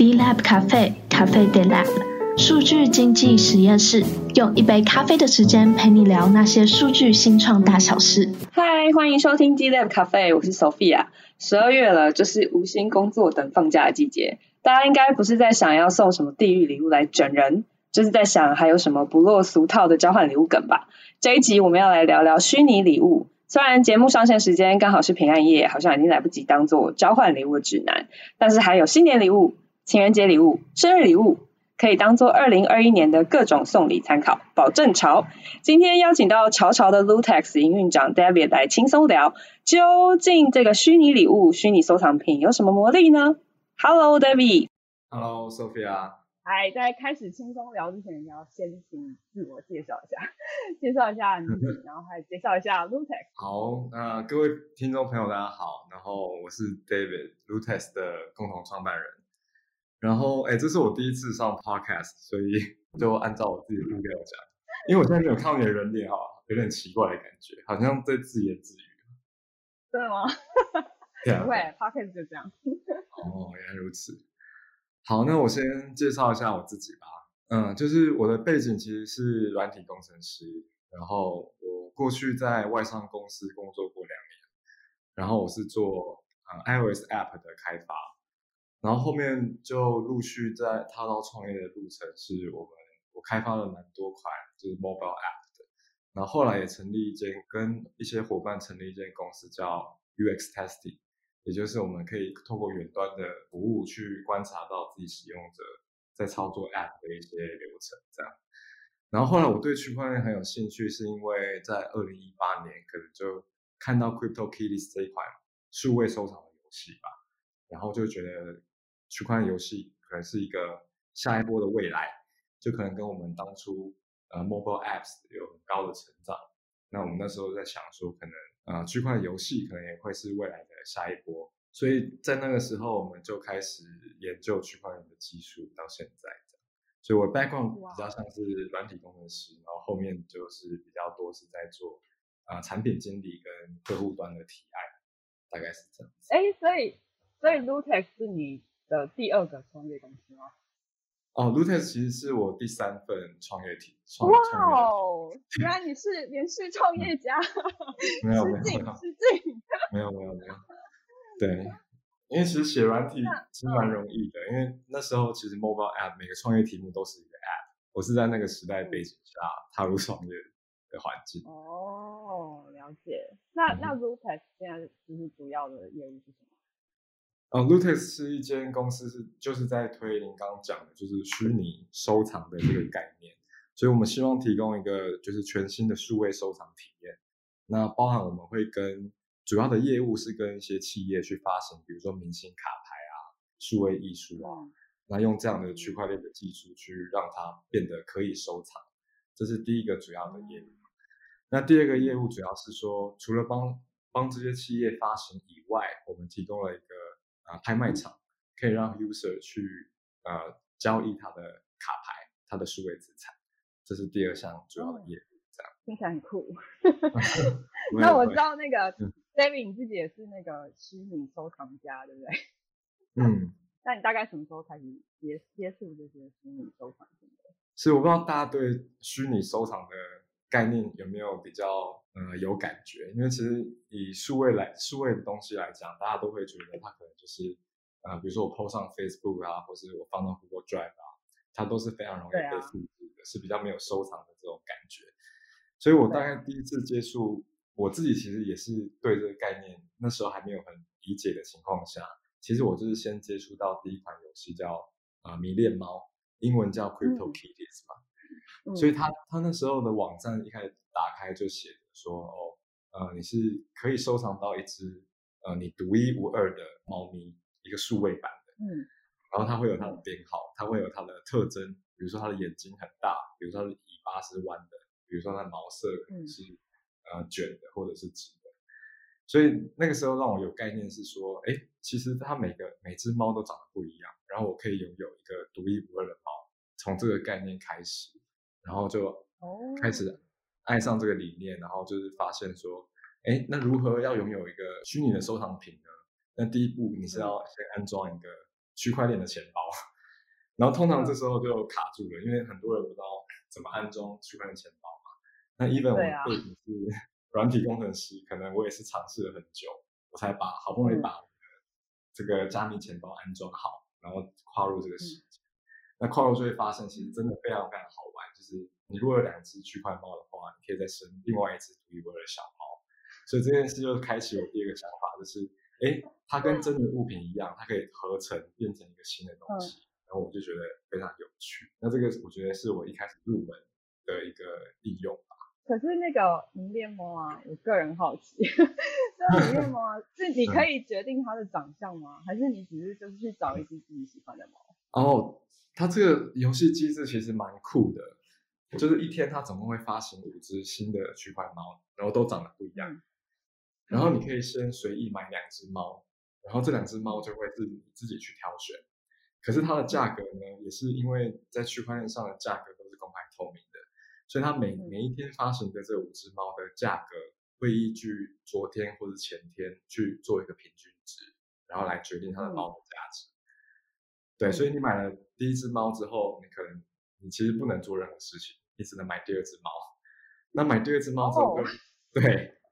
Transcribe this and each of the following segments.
D Lab Cafe Cafe D Lab 數據經濟實驗室，用一杯咖啡的時間陪你聊那些數據新創大小事。嗨，歡迎收聽 D Lab Cafe，我是 Sophia。十二月了，就是無心工作等放假的季節，大家應該不是在想要送什麼地獄禮物來整人，就是在想還有什麼不落俗套的交換禮物梗吧？這一集我們要來聊聊虛擬禮物。雖然節目上線時間剛好是平安夜，好像已經來不及當做交換禮物的指南，但是還有新年禮物。情人節禮物、生日禮物，可以當做二零二一年的各種送禮參考，保證潮。今天邀請到潮潮的 Lootex 營運長 David 來輕鬆聊，究竟這個虛擬禮物、虛擬收藏品有什麼魔力呢？Hello，David。Hello，Sophia。哎，Hello, Sophia. 在開始輕鬆聊之前，要先請你自我介紹一下，介紹一下你， 然後還介紹一下 Lootex。好，那各位聽眾朋友大家好，然後我是 David，Lootex 的共同創辦人。然後，哎，這是我第一次上 podcast，所以就按照我自己資我講。因為我現在沒有看到你的人臉啊，有點奇怪的感覺，好像在自言自語。真的嗎？對，podcast 就這樣。哦，原來如此。好，那我先介紹一下我自己吧。嗯，就是我的背景其實是軟體工程師，然後我過去在外商公司工作過兩年，然後我是做嗯 iOS app 的開發。然後後面就陸續在踏到創業的路程，是我們我開發了蠻多款就是 mobile app 的。然後後來也成立一間跟一些夥伴成立一間公司叫 UX Testing，也就是我們可以透過遠端的服務去觀察到自己使用者在操作 app 的一些流程這樣。然後後來我對區塊鏈很有興趣，是因為在二零一八年可能就看到 CryptoKitties 這一款數位收藏的遊戲吧，然後就覺得。區塊遊戲可能是一個下一波的未來，就可能跟我們當初呃 Mobile Apps 有很高的成長。那我們那時候在想說，可能呃區塊遊戲可能也會是未來的下一波，所以在那個時候我們就開始研究區塊鏈的技術，到現在。所以我的 background 比較像是軟體工程師，哇然後後面就是比較多是在做啊、呃、產品經理跟客戶端的提案，大概是這樣子。哎、欸，所以所以 Lootex 是你的第二個創業公司哦。哦、oh,，Lootex 其實是我第三份創業體。哇哦！Wow, 原來你是連續創業家。 嗯、沒有沒有景沒有。沒有沒有沒有。 對，因為其實寫軟體其實蠻容易的，那因為那時候其實 mobile app 每個創業題目都是一個 app。我是在那個時代背景下踏入創業的環境，嗯。哦，了解。那、嗯、那 Lootex 現在其實主要的業務是什麼？呃、uh,，Lootex 是一間公司是，是就是在推您剛剛講的，就是虛擬收藏的這個概念，所以我們希望提供一個就是全新的數位收藏體驗。那包含我們會跟主要的業務是跟一些企業去發行，比如說明星卡牌啊、數位藝術啊，嗯、那用這樣的區塊鏈的技術去讓它變得可以收藏，這是第一個主要的業務。那第二個業務主要是說，除了幫幫這些企業發行以外，我們提供了一個。啊，拍賣場可以讓 user 去呃交易他的卡牌，他的數位資產，這是第二項主要的業務這樣。聽起來很酷。那我知道那個 David 你自己也是那個虛擬收藏家，對不對？嗯。那 你大概什麼時候開始接接觸這些虛擬收藏的？是我不知道大家對虛擬收藏的。概念有沒有比較呃有感覺？因為其實以數位來數位的東西來講，大家都會覺得它可能就是呃，比如說我 post 上 Facebook 啊，或是我放到 Google Drive 啊，它都是非常容易被複製的，啊、是比較沒有收藏的這種感覺。所以我大概第一次接觸，對我自己其實也是對這個概念那時候還沒有很理解的情況下，其實我就是先接觸到第一款遊戲叫啊、呃、迷戀貓，英文叫 Crypto Kitties 嘛。嗯所以他、嗯、他那時候的網站一開始打開就寫的說哦，呃，你是可以收藏到一隻呃，你獨一無二的貓咪，一個數位版的嗯，然後它會有它的編號，它、嗯、會有它的特徵，比如說它的眼睛很大，比如說它的尾巴是彎的，比如說它的毛色是、嗯、呃，捲的或者是直的，所以那個時候讓我有概念是說哎、欸、其實它每個每隻貓都長得不一樣，然後我可以擁有一個獨一無二的貓，從這個概念開始。然後就開始愛上這個理念，哦、然後就是發現說，哎，那如何要擁有一個虛擬的收藏品呢？那第一步你是要先安裝一個區塊鏈的錢包，然後通常這時候就卡住了，因為很多人不知道怎麼安裝區塊鏈的錢包嘛。那 even 我背景是軟體工程師，啊、可能我也是嘗試了很久，我才把好不容易把的這個加密錢包安裝好，然後跨入這個世界。嗯、那跨入就會發現，其實真的非常非常好玩。就是你如果有兩隻區塊貓的話，你可以再生另外一隻獨一無二的小貓，所以這件事就開啟我第二個想法，就是哎，它跟真的物品一樣，它可以合成變成一個新的東西，嗯、然後我就覺得非常有趣。那這個我覺得是我一開始入門的一個應用吧。可是那個迷戀貓啊，我個人好奇，這迷戀貓自、啊、己可以決定它的長相嗎？嗯、還是你只是就是去找一隻自己喜歡的貓、嗯？哦，它這個遊戲機制其實蠻酷的。就是一天，它總共會發行五隻新的區塊貓，然後都長得不一樣。嗯、然後你可以先隨意買兩隻貓，然後這兩只貓就會自己自己去挑選。可是它的價格呢，嗯、也是因為在區塊鏈上的價格都是公開透明的，所以它每、嗯、每一天發行的這五只貓的價格會依據昨天或者前天去做一個平均值，然後來決定它的貓的價值。嗯、對，所以你買了第一只貓之後，你可能你其實不能做任何事情。你只能買第二只貓，那買第二只貓之後，oh. 對，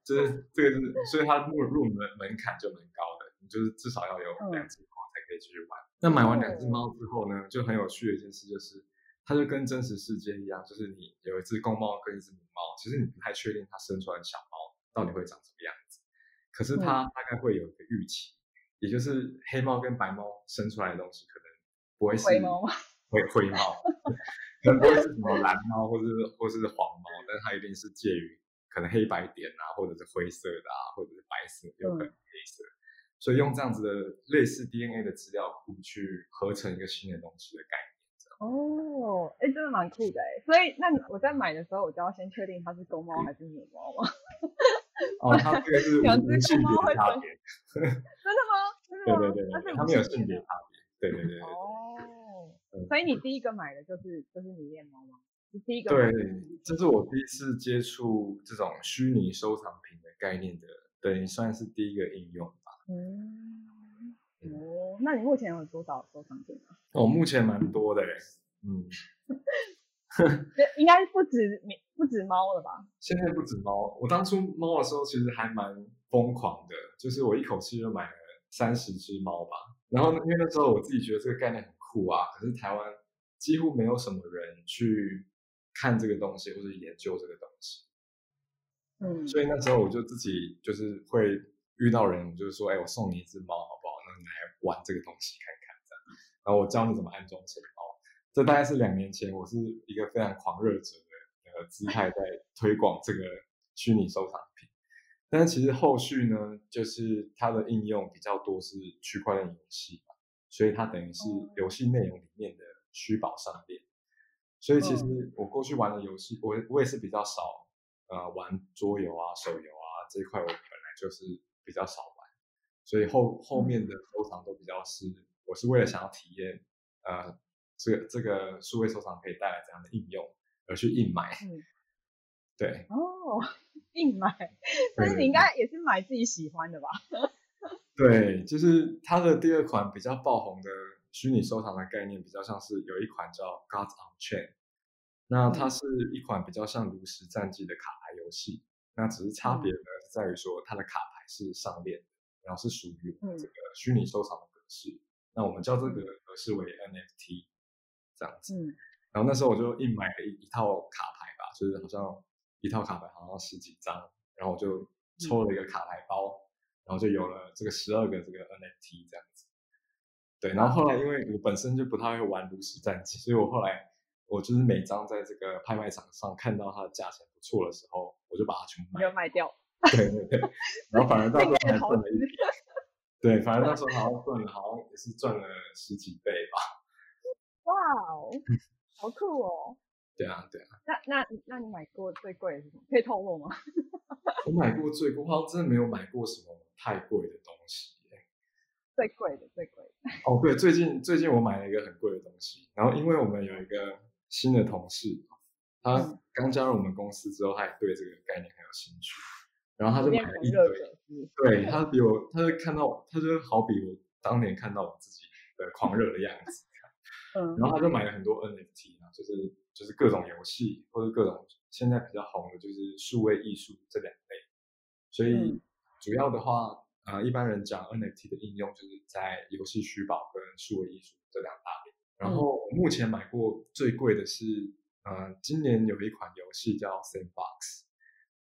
就是這個是，所以它的入入門門檻就蠻高的，你就是至少要有兩只貓才可以繼續玩。Oh. 那買完兩只貓之後呢，就很有趣的一件事就是，它就跟真實世界一樣，就是你有一只公貓跟一只母貓，其實你不太確定它生出來的小貓到底會長什麼樣子，可是它大概會有一個預期，oh. 也就是黑貓跟白貓生出來的東西可能不會是灰貓，會灰貓。灰貓 不會是什麼藍貓、啊，或是或是黃貓、啊，但它一定是介於可能黑白點啊，或者是灰色的啊，或者是白色，有可能黑色。嗯、所以用這樣子的類似 DNA 的資料庫去合成一個新的東西的概念。哦，哎、欸，真的蠻酷的哎。所以那我在買的時候，我就要先確定它是公貓還是母貓嗎？哈、嗯 哦、是兩隻公貓會懂？真的嗎？ 對，對，對對對，它沒有性別差別。對對、哦、對，哦。嗯、哦，所以你第一個買的就是對就是你練貓嗎？你第一個對，這是我第一次接觸這種虛擬收藏品的概念的，等於算是第一個應用吧。嗯哦，嗯那你目前有多少收藏品呢？啊、我、哦、目前蠻多的哎， 嗯，這 應該不止你，不止貓了吧？現在不止貓，我當初貓的時候其實還蠻瘋狂的，就是我一口氣就買了三十隻貓吧。然後因為那時候我自己覺得這個概念很。酷啊，可是台灣幾乎沒有什麼人去看這個東西或者研究這個東西，嗯，所以那時候我就自己就是會遇到人，我就是說，哎、欸，我送你一只貓好不好？那你來玩這個東西看看，這樣，然後我教你怎麼安裝錢包。這大概是兩年前，我是一個非常狂熱者的呃姿態在推廣這個虛擬收藏品，嗯、但是其實後續呢，就是它的應用比較多是區塊鏈遊戲。所以它等於是遊戲內容裡面的虛寶商店，哦、所以其實我過去玩的遊戲，我我也是比較少，呃，玩桌遊啊、手遊啊這一塊，我本來就是比較少玩，所以後後面的收藏都比較是，嗯、我是為了想要體驗，呃，這個這個數位收藏可以帶來怎樣的應用而去硬買，嗯、對，哦，硬買， 所以你應該也是買自己喜歡的吧？ 對，就是它的第二款比較爆紅的虛擬收藏的概念，比較像是有一款叫 Gods on Chain，那它是一款比較像爐石戰記的卡牌遊戲，那只是差別呢在於說它的卡牌是上鏈，然後是屬於這個虛擬收藏的格式，嗯、那我們叫這個格式為 NFT，這樣子。嗯、然後那時候我就一買了一一套卡牌吧，就是好像一套卡牌好像十幾張，然後我就抽了一個卡牌包。然後就有了這個十二個這個 NFT 這樣子，對。然後後來因為我本身就不太會玩爐石戰記，所以我後來我就是每張在這個拍賣場上看到它的價錢不錯的時候，我就把它全部賣掉。對對對。然後反而到時候還賺了一點。對，反正那時候好像賺，好像也是賺了十幾倍吧。哇哦，好酷哦！對啊，對啊。那那你那你買過最貴的是什麼？可以透露嗎？ 我買過最貴我好像真的沒有買過什麼太貴的東西。最貴的，最貴的。哦，oh, 對，最近最近我買了一個很貴的東西。然後因為我們有一個新的同事，他剛加入我們公司之後，他也對這個概念很有興趣。然後他就買了一堆。狂熱的。嗯。對他比我，他就看到他就好比我當年看到我自己的狂熱的樣子。 然後他就買了很多 NFT 嘛，就是。就是各種遊戲，或者各種現在比較紅的，就是數位藝術這兩類。所以主要的話，嗯、呃，一般人講 NFT 的應用，就是在遊戲虛寶跟數位藝術這兩大類。然後我目前買過最貴的是，呃，今年有一款遊戲叫 Sandbox，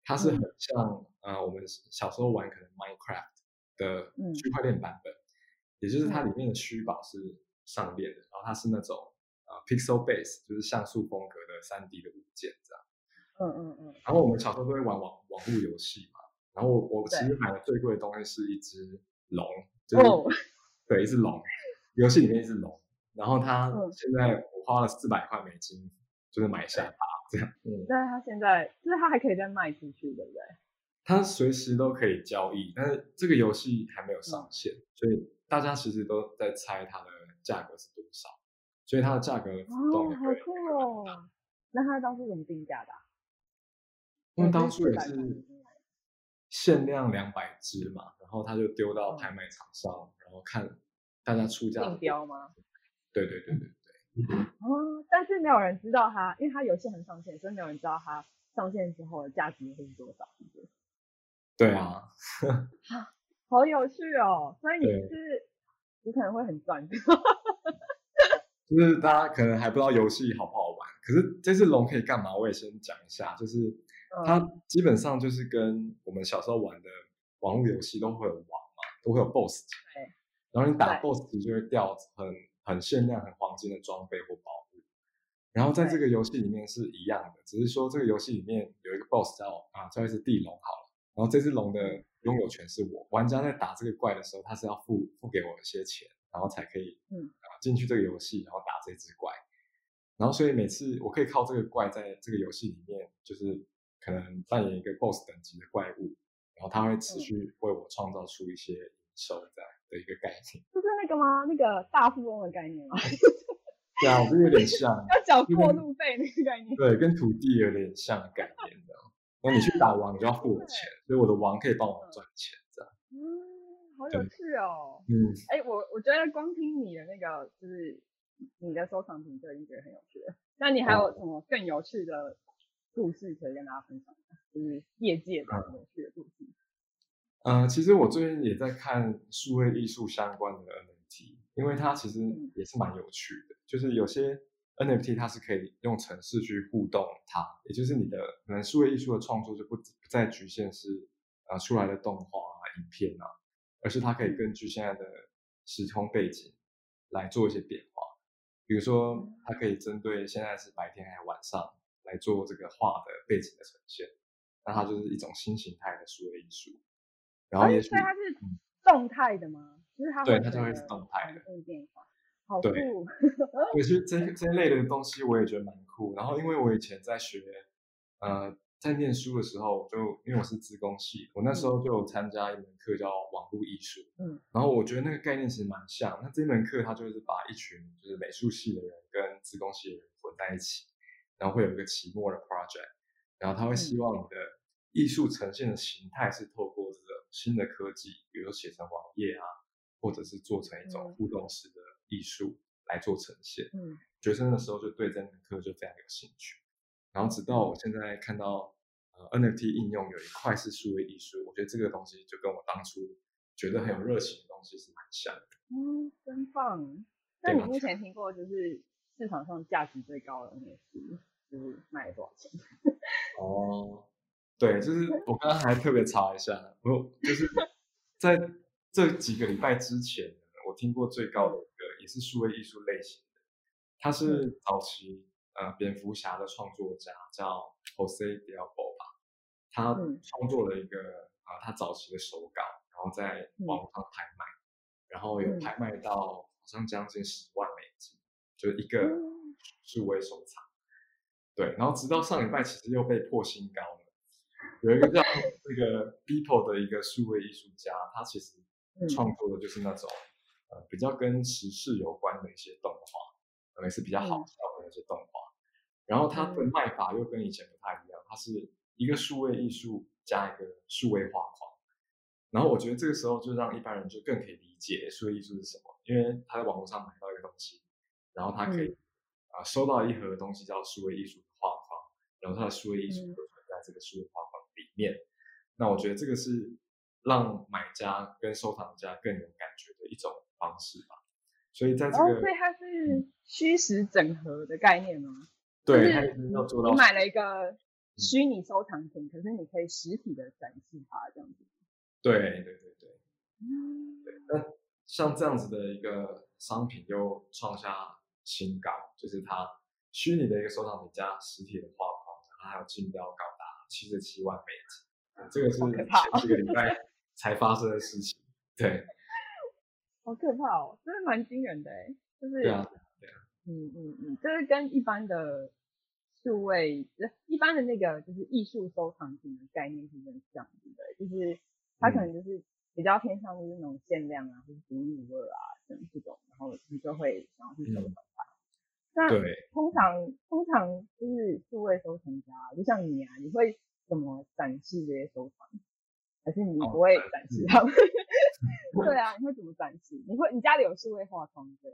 它是很像、嗯、呃我們小時候玩可能 Minecraft 的區塊鏈版本，嗯、也就是它裡面的虛寶是上鏈的，然後它是那種。啊、uh，pixel base 就是像素風格的三 D 的物件這樣，嗯嗯嗯。嗯嗯，然後我們小時候都會玩，玩網網絡遊戲嘛，然後我，對我其實買的最貴的東西是一隻龍，就是、oh. 對，一隻龍，遊戲 裡面一隻龍。然後他現在我花了四百塊美金，就是買下它這樣。對嗯，那他現在就是他還可以再賣出去對不對？他隨時都可以交易，但是這個遊戲還沒有上線，嗯、所以大家其實都在猜它的價格是多少。所以它的價格都很高哦，好酷哦！那它當初怎麼定價的、啊？他們當初也是限量兩百隻嘛，然後他就丟到拍賣場上，哦、然後看大家出價。競標嗎？對，對對對對對。哦，但是沒有人知道它，因為它有些很上線，所以沒有人知道它上線之後的價值也會是多少。是不是？對啊。啊，好有趣哦！所以你是你對可能會很賺。 就是大家可能還不知道遊戲好不好玩，可是這隻龍可以幹嘛？我也先講一下，就是它基本上就是跟我們小時候玩的網絡遊戲都會有王嘛，都會有 boss。然後你打 boss 就會掉很很限量，很黃金的裝備或寶物。然後在這個遊戲裡面是一樣的，只是說這個遊戲裡面有一個 boss 叫啊，就是地龍好了。然後這隻龍的擁有權是我，玩家在打這個怪的時候，他是要付付給我的一些錢。然後才可以，嗯，進、啊、去這個遊戲，然後打這隻怪，然後所以每次我可以靠這個怪在這個遊戲裡面，就是可能扮演一個 boss 等級的怪物，然後它會持續為我創造出一些營收的的一個概念，就、嗯、是那個嗎？那個大富翁的概念嗎？ 對啊，我覺得有點像 要繳過路費那個概念， 對，跟土地有點像的概念的，那 你去打王，你就要付我錢，對所以我的王可以幫我賺錢這樣。嗯。好有趣哦，嗯，哎、嗯欸，我我覺得光聽你的那個，就是你的收藏品就已經覺得很有趣了。那你還有什麼更有趣的故事可以跟大家分享的？嗯、就是業界的有趣的故事。嗯、呃，其實我最近也在看數位藝術相關的 NFT，因為它其實也是蠻有趣的。嗯、就是有些 NFT 它是可以用程式去互動它，也就是你的可能數位藝術的創作就不不再局限是，呃、出來的動畫啊、影片啊。而是它可以根據現在的時空背景來做一些變化，比如說它可以針對現在是白天還是晚上來做這個畫的背景的呈現，那它就是一種新形態的數位藝術。然後也許它、啊、所以是動態的嗎？嗯、就是它對它就會是動態的。好酷！對，其實這這類的東西我也覺得蠻酷。然後因為我以前在學，呃。在念書的時候就，就因為我是資工系，我那時候就參加一門課叫網路藝術。嗯，然後我覺得那個概念其實蠻像。那這門課它就是把一群就是美術系的人跟資工系的人混在一起，然後會有一個期末的 project，然後他會希望你的藝術呈現的形態是透過這個新的科技，比如寫成網頁啊，或者是做成一種互動式的藝術來做呈現。嗯，學生的時候就對這門課就非常有興趣。然後直到我現在看到 NFT 應用有一塊是數位藝術，我覺得這個東西就跟我當初覺得很有熱情的東西是很像的。嗯、哦，真棒。那你目前聽過就是市場上價值最高的那 NFT 就是賣了多少錢？哦，對，就是我剛剛還特別查一下，我就是在這幾個禮拜之前，我聽過最高的一個也是數位藝術類型的，它是早期。呃，蝙蝠俠的創作家叫 Jose Delbo 吧他創作了一個啊、嗯呃，他早期的手稿，然後在網上拍賣，然後有拍賣到好像將近十萬美金，嗯、就是一個數位收藏。對，然後直到上禮拜其實又被破新高了，有一個叫那個 Beeple 的一個數位藝術家，他其實創作的就是那種呃比較跟時事有關的一些動畫，能、呃、是比較好笑的一些動畫。嗯然後它的賣法又跟以前不太一樣，它是一個數位藝術加一個數位畫框。然後我覺得這個時候就讓一般人就更可以理解數位藝術是什麼，因為他在網絡上買到一個東西，然後他可以啊、嗯、收到一盒東西叫數位藝術畫框，然後他的數位藝術就存在這個數位畫框裡面。嗯、那我覺得這個是讓買家跟收藏家更有感覺的一種方式吧。所以在這個，所以它是虛實整合的概念嗎？對，我是買了一個虛擬收藏品，嗯、可是你可以實體的展示它這樣子。對對對對，嗯那像這樣子的一個商品又創下新高，就是它虛擬的一個收藏品加實體的畫框，它還有競標高達七十七萬美金，這個是前幾個禮拜才發生的事情。對，好可怕哦、 好可怕哦，真的蠻驚人的哎、欸，就是。對啊。嗯嗯嗯，就、嗯嗯、是跟一般的數位，一般的那個，就是藝術收藏品的概念是很像的，就是它可能就是比較偏向於那種限量啊，嗯、或是獨一無二啊等這種，然後你就會想要去收藏它。那、嗯、通常、嗯、通常就是數位收藏家，就像你啊，你會怎麼展示這些收藏？還是你不會展示他們？Okay, 嗯、 對啊，你會怎麼展示？你會你家裡有數位畫框的？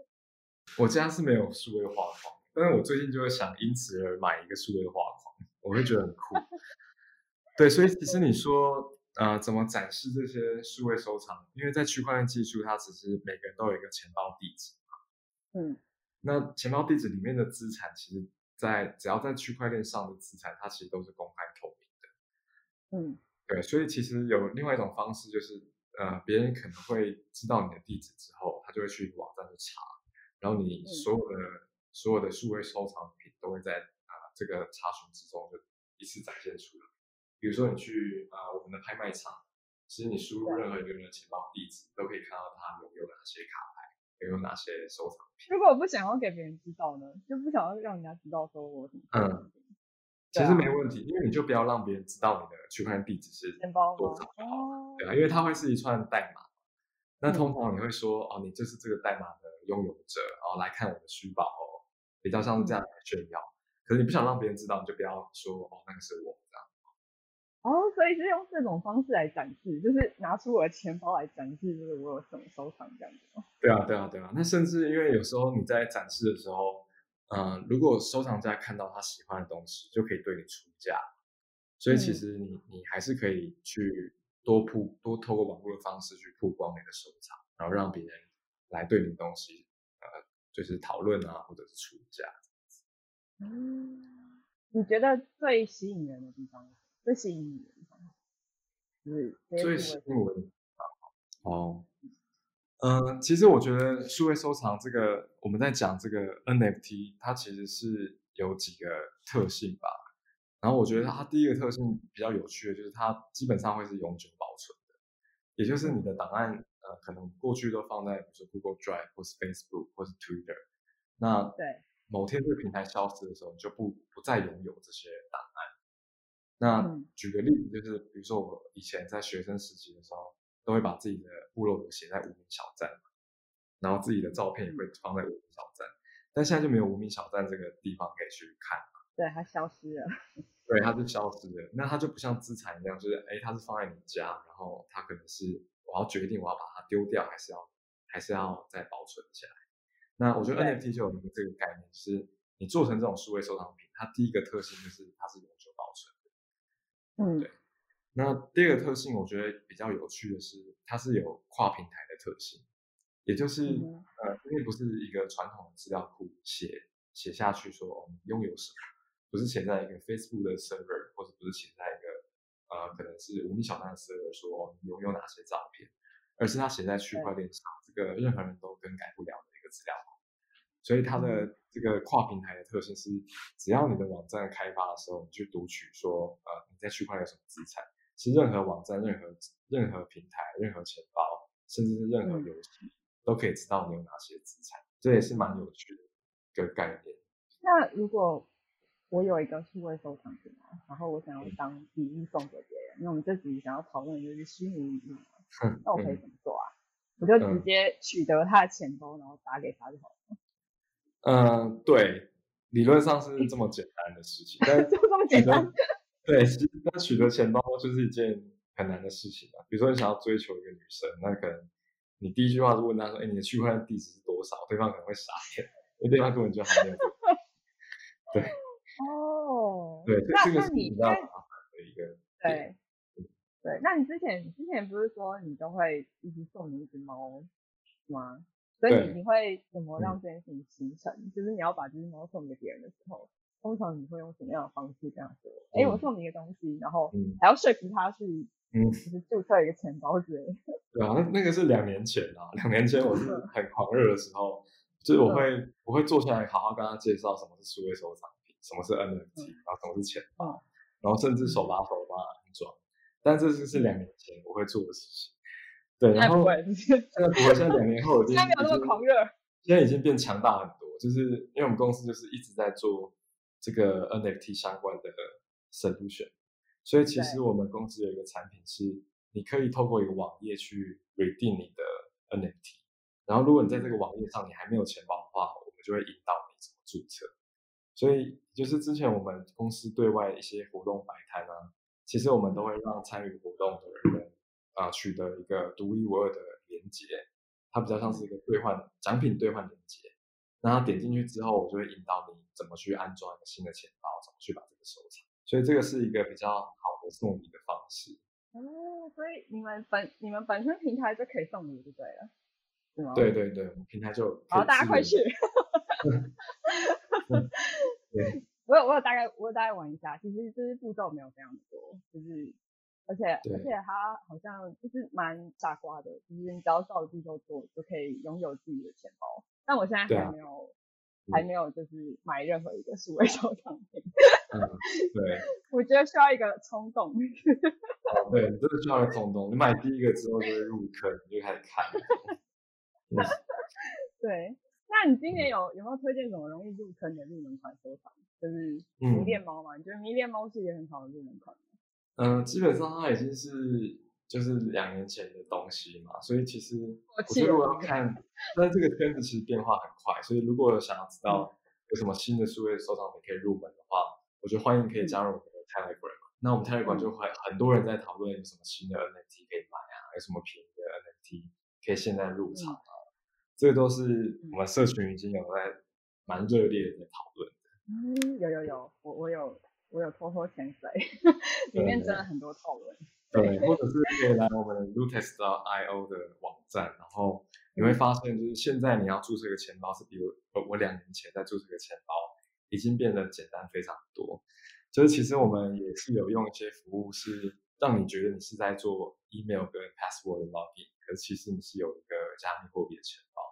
我家是沒有數位畫框，但是我最近就會想因此而買一個數位畫框，我會覺得很酷。 對，所以其實你說，呃，怎麼展示這些數位收藏？因為在區塊鏈技術，它其實每個人都有一個錢包地址嘛。嗯，那錢包地址裡面的資產，其實在，在只要在區塊鏈上的資產，它其實都是公開透明的。嗯，對，所以其實有另外一種方式，就是呃，別人可能會知道你的地址之後，他就會去網站去查。然後你所有的、嗯、所有的數位收藏品都會在啊、呃、這個查詢之中就一次展現出來。比如說你去啊、呃、我們的拍賣場，其實你輸入任何一個人的錢包地址，對都可以看到他有哪些卡牌，有哪些收藏品。如果我不想要給別人知道呢，就不想要讓人家知道說我什麼？嗯，啊、其實沒問題，嗯、因為你就不要讓別人知道你的區塊地址是多少，錢包，對啊，哦、因為它會是一串代碼。那通常你會說、嗯、哦，你就是這個代碼。擁有者，然後來看我的虛寶哦，比較像是這樣來炫耀。可是你不想讓別人知道，你就不要說哦，那個是我的。這樣哦，所以是用這種方式來展示，就是拿出我的錢包來展示，就是我有什麼收藏這樣子。對啊，對啊，對啊。那甚至因為有時候你在展示的時候，嗯、呃，如果收藏家看到他喜歡的東西，就可以對你出價。所以其實你、嗯、你還是可以去多鋪多透過網絡的方式去曝光你的收藏，然後讓別人。來對你的東西，呃，就是討論啊，或者是處理一下。嗯，你覺得最吸引人的地方？最吸引人就是最吸引我的地方，地方哦，嗯、呃，其實我覺得數位收藏這個，我們在講這個 NFT，它其實是有幾個特性吧。然後我覺得它第一個特性比較有趣的就是，它基本上會是永久保存的，也就是你的檔案。可能過去都放在比如說 Google Drive 或是 Facebook 或是 Twitter，那對，某天這個平台消失的時候，你就不不再擁有這些檔案。那舉個例子，就是比如說我以前在學生時期的時候，都會把自己的部落格寫在無名小站嘛，然後自己的照片也會放在無名小站，嗯，但現在就沒有無名小站這個地方可以去看嘛？對，它消失了。對，它就消失了。那它就不像資產一樣，就是哎，它是放在你家，然後它可能是。我要決定我要把它丟掉，還是要還是要再保存起來？那我覺得 NFT 就有一個這個概念，是你做成這種數位收藏品，它第一個特性就是它是永久保存的。嗯，對。那第二個特性我覺得比較有趣的是，它是有跨平台的特性，也就是、嗯、呃，因為不是一個傳統的資料庫寫寫下去說我們擁有什麼，不是寫在一個 Facebook 的 server 或者不是寫在一個。呃，可能是無米小丹的說你擁有哪些照片，而是他寫在區塊鏈上，對這個任何人都更改不了的一個資料。所以它的這個跨平台的特性是，只要你的網站開發的時候，你去讀取說呃你在區塊鏈有什麼資產，是任何網站、任何任何平台、任何錢包，甚至是任何遊戲、嗯、都可以知道你有哪些資產，這也是蠻有趣的一個概念。那如果？我有一個數位收藏品，然後我想要當禮物送給別人。那我們這集想要討論的就是虛擬禮物。那我可以怎麼做啊？我、嗯、就直接取得他的錢包，然後打給他就好。嗯，對，理論上是這麼簡單的事情，就 這麼簡單。對，其實那取得錢包就是一件很難的事情、啊、比如說你想要追求一個女生，那可能你第一句話是問她說：“哎、欸，你的區塊鏈地址是多少？”對方可能會傻眼，因為對方根本就還沒有。 對。哦，對，那那你一個對對，那你之前你之前不是說你都會一直送你一隻貓嗎？所以你會怎麼讓這件事情形成？嗯、就是你要把這隻貓送給別人的時候，通常你會用什麼樣的方式這樣說？哎、欸，我送你一個東西，然後還要說服他去，嗯，就是注冊一個錢包之類的、嗯嗯。對啊，那那個是兩年前啊，兩年前我是很狂熱的時候，嗯、就是我會我會坐下來好好跟他介紹什麼是數位收藏，什麼是 NFT，然後什麼是錢包，哦、然後甚至手把手幫安裝，但這就是兩年前我會做的事情。嗯、對，然後現在我現在兩年後已經已經，沒有熱現在已經變強大很多，就是因為我們公司就是一直在做這個 NFT 相關的 solution，所以其實我們公司有一個產品是，你可以透過一個網頁去 redeem 你的 NFT，然後如果你在這個網頁上你還沒有錢包的話，我們就會引導你怎麼注冊。所以就是之前我們公司對外一些活動擺攤啊，其實我們都會讓參與活動的人們啊、呃、取得一個獨一無二的鏈接，它比較像是一個兌換獎品兌換鏈接。然後點進去之後，我就會引導你怎麼去安裝一個新的錢包，怎麼去把這個收藏。所以這個是一個比較好的送禮的方式。哦、嗯，所以你們本你們本身平台就可以送禮，對不對？對對對，平台就好，大家快去！ 對我有我有大概我有大概玩一下，其實這些步驟沒有非常多，就是而且對而且他好像就是蠻傻瓜的，就是你只要照着步驟做就可以擁有自己的錢包。但我現在還沒有、啊、還沒有就是買任何一個數位收藏品，對，我覺得需要一個衝動、哦。對，就是需要一個衝動， 你買第一個之後就會入坑，你就開始看。 哈哈，Yes. 對，那你今年有有沒有推薦什麼容易入坑的入門款收藏？就是迷戀貓嘛，嗯、你覺得迷戀貓是一個很好的入門款？嗯、呃，基本上它已經是就是兩年前的東西嘛，所以其實我覺得如果要看，但這個圈子其實變化很快，所以如果想要知道有什麼新的數位收藏品可以入門的話，嗯、我就歡迎可以加入我們的 Telegram，、嗯、那我們 Telegram 就很、嗯、很多人在討論有什麼新的 NFT 可以買啊，有什麼便宜的 NFT 可以現在入場、啊。嗯這都是我們社群已經有在蠻熱烈的在討論的。嗯，有有有，我我有我有偷偷潛水， 裡面真的很多討論、嗯。對， 或者是可以來我們 Lootex.io 的網站，然後你會發現，就是現在你要注冊一個錢包，是比如我我兩年前在注冊一個錢包，已經變得簡單非常多。就是其實我們也是有用一些服務，是讓你覺得你是在做 email 跟 password 的 login，可是其實你是有一個加密貨幣的錢包。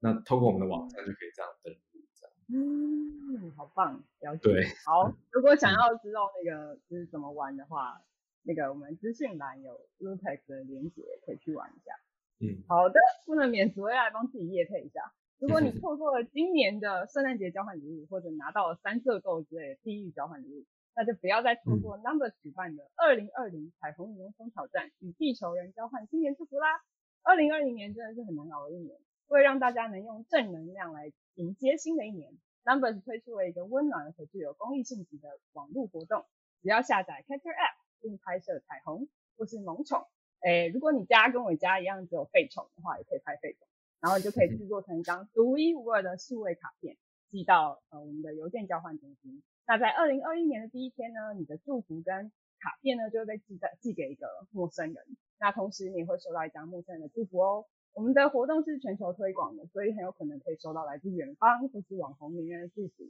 那通過我們的網站就可以這樣登錄，這樣。嗯，好棒，了解。對，好，如果想要知道那個就是怎麼玩的話，嗯、那個我們資訊欄有 Lootex 的鏈接，可以去玩一下。嗯，好的，不能免俗，我要來幫自己業配一下。如果你錯過了今年的聖誕節交換禮物， 或者拿到了三色豆之類的地獄交換禮物，那就不要再錯過 Number 舉辦、嗯、的2020彩虹與萌寵挑戰，與地球人交換新年祝福啦。2020年真的是很難熬的一年。為讓大家能用正能量來迎接新的一年，Numbers 推出了一個溫暖且具有公益性質的網絡活動。只要下載 Capture App，並拍攝彩虹或是萌寵，誒，如果你家跟我家一樣只有廢寵的話，也可以拍廢寵，然後你就可以製作成一張獨一無二的數位卡片，寄到呃我們的郵件交換中心。那在二零二一年的第一天呢，你的祝福跟卡片呢，就會被寄寄給一個陌生人。那同時，你會收到一張陌生人的祝福哦。我們的活動是全球推廣的，所以很有可能可以收到來自遠方或是網紅名人的祝福。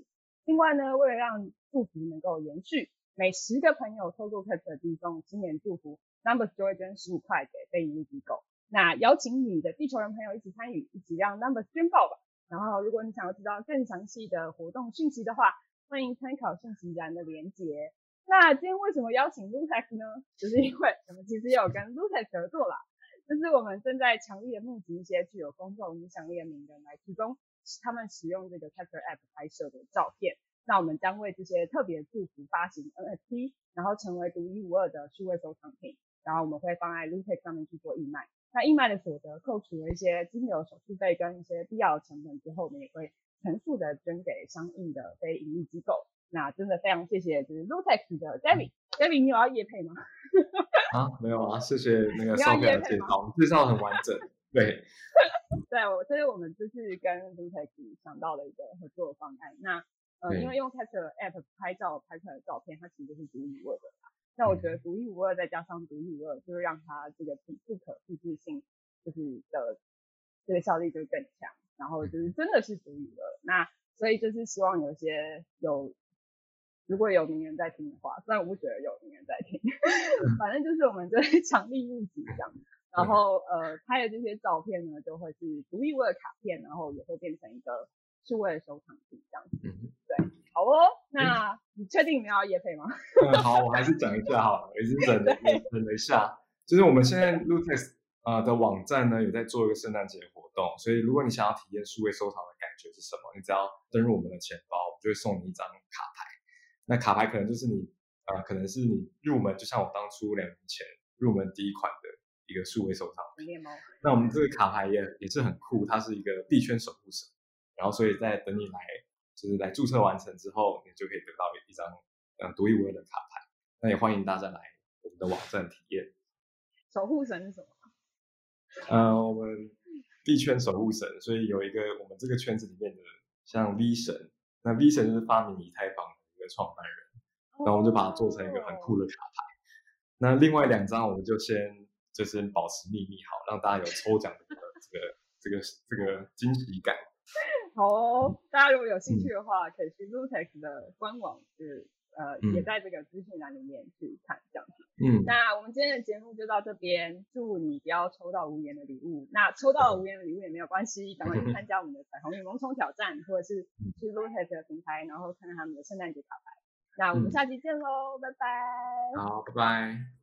另外呢，為了讓祝福能夠延續，每十個朋友透過 Lootex 提供新年祝福，Numbers 就會捐十五塊給非營利機構。那邀請你的地球人朋友一起參與，一起讓 Numbers 捐爆吧。然後，如果你想要知道更詳細的活動訊息的話，歡迎參考訊息欄的連結。那今天為什麼邀請 Lootex 呢？就是因為我們其實也有跟 Lootex 合作了。就是我們正在強烈募集一些具有公眾影響力的名人來提供他們使用這個 Capture App 拍攝的照片，那我們將為這些特別祝福發行 NFT，然後成為獨一無二的數位收藏品，然後我們會放在 Lootex 上面去做義賣。那義賣的所得扣除了一些金流手續費跟一些必要的成本之後，我們也會全數的捐給相應的非營利機構。那真的非常謝謝，就是 Lootex 的 David，David，、嗯、你有要業配嗎？ 啊，沒有啊，謝謝那個上面的介紹，介紹很完整。對， 對我，所以我們就是跟 Lootex 想到了一個合作的方案。那呃，嗯、因為用 Capture App 拍照拍出來的照片，它其實就是獨一無二的嘛。那我覺得獨一無二，再加上獨一無二，就是讓它這個不可複製性，就是的這個效力，就更強。然後就是真的是獨一無二。那所以就是希望有些有。如果有名人在聽的話，雖然我不覺得有名人在聽，反正就是我們就是強力一擊這樣。然後呃，拍的這些照片呢，就會是獨一無二的卡片，然後也會變成一個數位的收藏品這樣子。對，好哦，那你確定你要業配嗎？嗯，好，我還是講一下好了，已經忍忍了一下。就是我們現在 Lootex 啊、呃、的網站呢，有在做一個聖誕節活動，所以如果你想要體驗數位收藏的感覺是什麼，你只要登入我們的錢包，我就會送你一張卡牌。那卡牌可能就是你啊、呃，可能是你入門，就像我當初兩年前入門第一款的一個數位收藏。那我們這個卡牌也也是很酷，它是一個幣圈守護神，然後所以在等你來，就是來註冊完成之後，你就可以得到一張嗯獨一無二的卡牌。那也歡迎大家來我們的網站體驗。守護神是什麼？嗯、呃，我們幣圈守護神，所以有一個我們這個圈子裡面的像 V 神，那 V 神就是發明以太坊。一個創辦人，然後我們就把它做成一個很酷的卡牌。哦、那另外兩張我們就先就是保持祕密，好，讓大家有抽獎的這個 這個、這個、這個驚喜感。好、哦，大家如果有興趣的話，嗯、可以去 Lootex 的官網。是呃，也在這個資訊欄裡面去看這樣子。嗯，那我們今天的節目就到這邊。祝你不要抽到無言的禮物，那抽到無言的禮物也沒有關係，等會兒去參加我們的彩虹與萌寵挑戰，嗯、或者是去 Lootex 的平台，然後看看他們的聖誕節卡牌。那我們下期見嘍，嗯、拜拜。好，拜拜。